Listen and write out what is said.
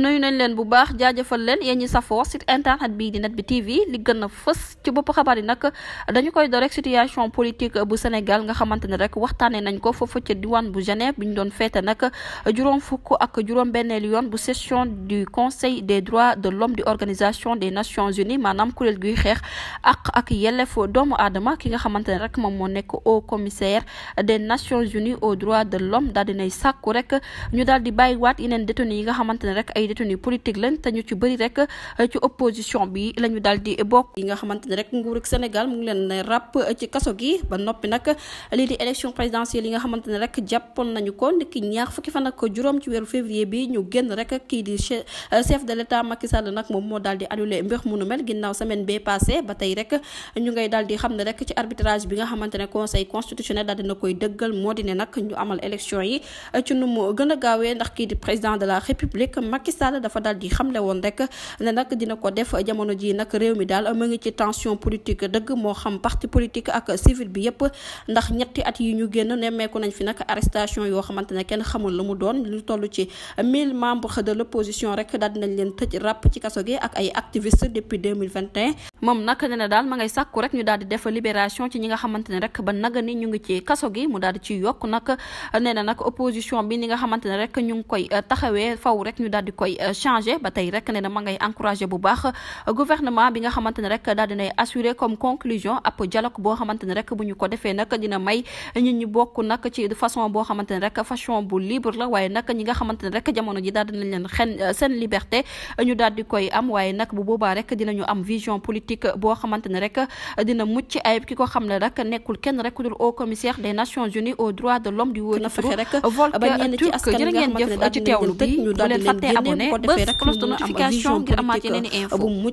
nuyu nañ leen bu baax jaajëfal leen yéen ñi safoo site internet bii di net bi TV li gën a fës ci bopp xabaar yi nag dañu koy door rek situation politique bu Sénégal nga xamante ne rek waxtaanee nañ ko foofu ca diwaan bu Genève bi ñu doon feete nag juróom fukk ak juróom-benneelu yoon bu session du conseil des droits de l'homme di organisation des nations unies maanaam kuréel guy xeex ak ak yelleefu doomu aadama ki nga xamante ne rek moom moo nekk au commissaire des nations unies aux droits de l'homme daal dinay sàkku rek daal di bàyyiwaat yeneen détenus yi xamante ne rek ay détenus politique lañ te ñu ci bëri rek eh, ci opposition bi bokk yi nga xamante ne rek nguurug Sénégal mu eh, eh, nga xamante ne rek nañu ko ndiki ñaar fukki fan ak juróom ci weeru février bi ñu génn rek kii di chef de l'état Macky Sall moom moo daal di annulé mbir mel ginnaaw semaine bee passé ba tey rek ñu ngay daal xam ne rek ci arbitrage bi nga xamante conseil constitutionnel daal dina koy dëggal moo di ne ñu amal élection yi ci nu mu gën a gaawee ndax kii di président de la Macky Sall dafa daal di xamle woon rek ne nag dina ko def jamono ji nag réew mi daal mu ngi ci tension politique dëgg moo xam parti politique ak civil bi yépp ndax ñetti at yi ñu génn nemmeeku nañ fi nag arrestation yoo xamante ne kenn xamul lu mu doon lu toll ci mille membres de l'opposition rek daal dinañ leen tëj ràpp ci kaso gi ak ay activistes depuis 2021 moom nag nee daal ma ngay sàkku rek ñu daal di def libération ci ñi nga xamante bi ñi nga xamante ne koy euh, changé ba tey rek nee na ma bu baax euh, gouvernement bi nga xamante rek daal assuré comme conclusion ab dialogue boo xamante rek bu ñu ko defee nag dina may ñit ñi bokk nag ci façon boo xamante rek façon bu libre la euh, liberté ñu daal koy am waaye nag bu boobaa rek dinañu am vision politique boo xamante rek dina mucc ayib ki ko xam ne rek nekkul kenn rek dul haut commissaire des nations unies aux droits de l'homme di wóor na fexe abonné bës cloche de notification ngir